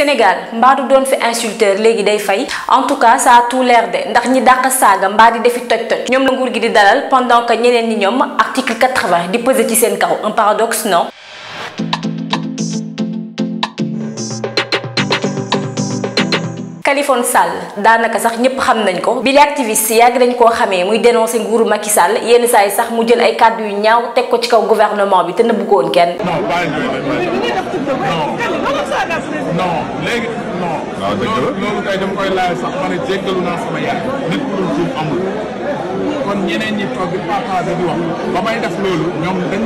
Sénégal mbaa du doon fi insulteur légui day fay en tout cas ça a tout l'air de ndax ñi dàq saga mbaa di fi toj-toj Ñom la nguur gi di dalal pendant que ñeneen ñi ñom article 80 di peser ci sen kaw un paradoxe non Khaliphone Sall daanaka sax ñëpp xam nañ ko bi li activiste yàgg nañ koo xamee muy dénoncé nguuru Macky Sall yenn saa yi sax mu jël ay kàddu yu ñaaw teg ko ci kaw gouvernement bi te nëbbu ko woon kenn. kon ñeneen ñi toog di partage di wax ba may def loolu ñoom dañ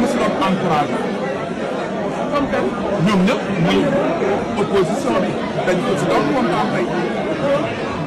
muy opposition bi. dañ ko ci doon moom Pape Mbaye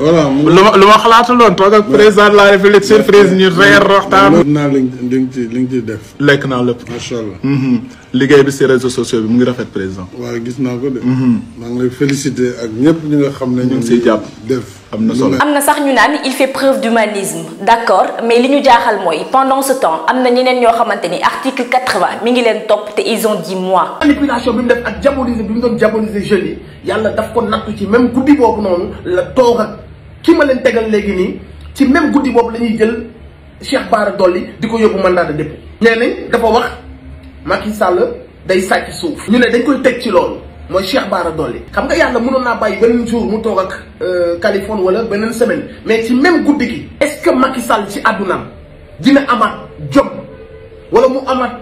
voilà lu ma lu ma ak président de la république surprise ni reer waxtaan. loolu naa li nga ci li mhm. bi si réseaux sociaux bi mu ngi rafet président. wa gis nako de. Mhm. maa ngi lay féliciter ak ñepp ñi nga xam ñu ci japp def. amna solo amna sax ñu naan il fait preuve d'humanisme d'accord mais li ñu jaaxal moy pendant ce temps amna na ñeneen ñoo xamante article 80 mi ngi len top té ils ont dit moi. manipulation bi mu def ak diaboliser bi mu doon diaboliser jeunes yi yàlla daf ko nattu ci même guddi boobu non la toog ak. ki ma leen tegal léegi nii ci même guddi boobu la ñuy jël Cheikh Bara Dolly di ko yóbbu mandat de dépôt. nee nañ dafa wax Macky sàll day sàcc suuf. ñu ne dañ koy teg ci loolu mooy Cheikh Bara Dolly. xam nga yàlla mënoon naa bàyyi beneen jour mu toog ak euh, Californie wala beneen semaine mais ci même guddi gi. est-ce que Macky Sall ci àddunaam dina amaat jom wala mu amaat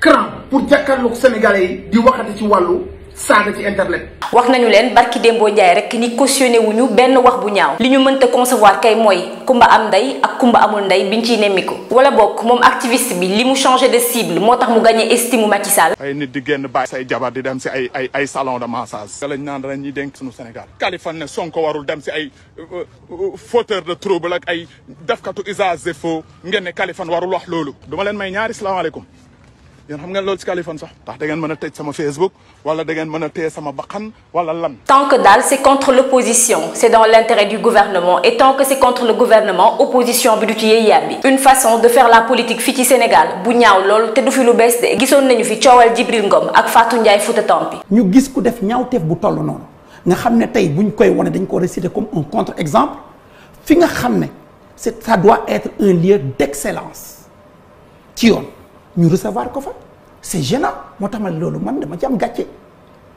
cran pour jàkkaarloog Sénégalais yi di waxati ci wàllu. saaga ci internet. wax nañu leen barki Dembo Ndiaye rek ni wu ñu benn wax bu ñaaw. li ñu mënta concevoir kay mooy kumba am ndey ak kumba amul ndey biñ ciy nemmiku. wala bokk moom activiste bi li mu changé de cible moo tax mu gagné estime Macky Sall. ay nit di génn bàyyi say jabar di dem si ay ay ay salon de massage. lañ naan ren ñuy dénk sunu Sénégal. Kaliphone ne Sonko warul dem si ay euh, euh, fauteur de trouble ak ay defkatu usage de faux ngeen ne Kaliphone warul wax loolu. duma leen may ñaari salaamaaleykum. xam sax sama Facebook wala sama wala tant que dalle, c'est contre l'opposition c'est dans l'intérêt du gouvernement et tant que c'est contre le gouvernement opposition bi du ci une façon de faire la politique fiti ci Sénégal bu ñaaw lol, te du fi lu bees de nañu fi coowal Djibril Ngom ak Fatou Ndiaye Fouta Tampi. ñu gis ku def ñaawteef bu toll non. nga xam tay buñ koy wane dañ ko réciter comme un contre-exemple fi nga xam c'est ça doit être un lieu d'excellence ci yoon ñu recevoir ko fa c'est gênant moo tax ma man dama ci am gatché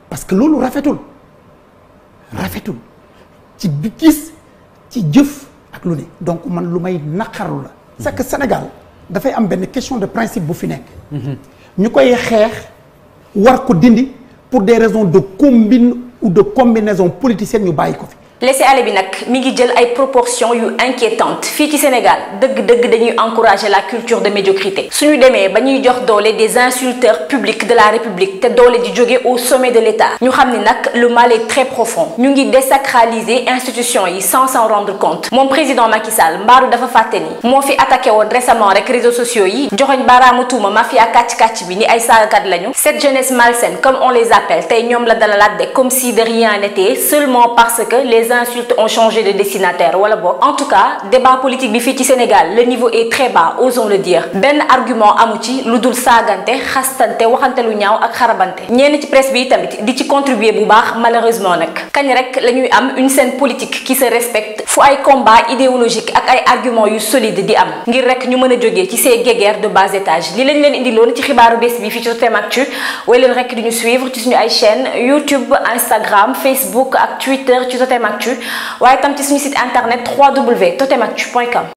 parce que lolu rafetul rafetul ci bi gis ci jëf ak lu ne donc man lu may naqaru la c'est que Sénégal fay am ben question de principe bu fi nek ñu koy xex war ko dindi pour des raisons de combine ou de combinaison politicienne ñu bayiko fi Laissez aller bi Miguel mi ngi jël ay proportions yu inquiétantes fi ci Sénégal deug deug dañuy encourager la culture de médiocrité suñu n'est pas jox des insulteurs publics de la République té doole di au sommet de l'État ñu xamni que le mal est très profond ñu ngi désacraliser institutions yi sans s'en rendre compte Mon président Macky Sall mbaru dafa faté ni mo fi attaqué won récemment rek réseaux sociaux yi joxoñ baramu tuma mafia katch katch bi ni ay lañu cette jeunesse malsaine comme on les appelle tay ñom la comme si de rien n'était seulement parce que les insultes ont changé de destinataire wala bon. en tout cas débat politique bi au Sénégal le niveau est très bas osons le dire Ben argument Amouti, ci lu dul saagante xastante waxante lu ñaaw ak xarabante ñenn ci presse bi tamit di ci contribuer bu baax malheureusement nag kañ rek la am une scène politique qui se respecte fu ay combat idéologique ak ay argument yu solide di am ngir rek ñu mën a ci ces guerre de bas étage li lañ leen lon, ci xibaaru bés bi fii ci Totemactu way leen rek de ñu suivre ci suñu ay chaîne YouTube Instagram Facebook ak Twitter ci actu ou à un petit site internet www.totemactu.com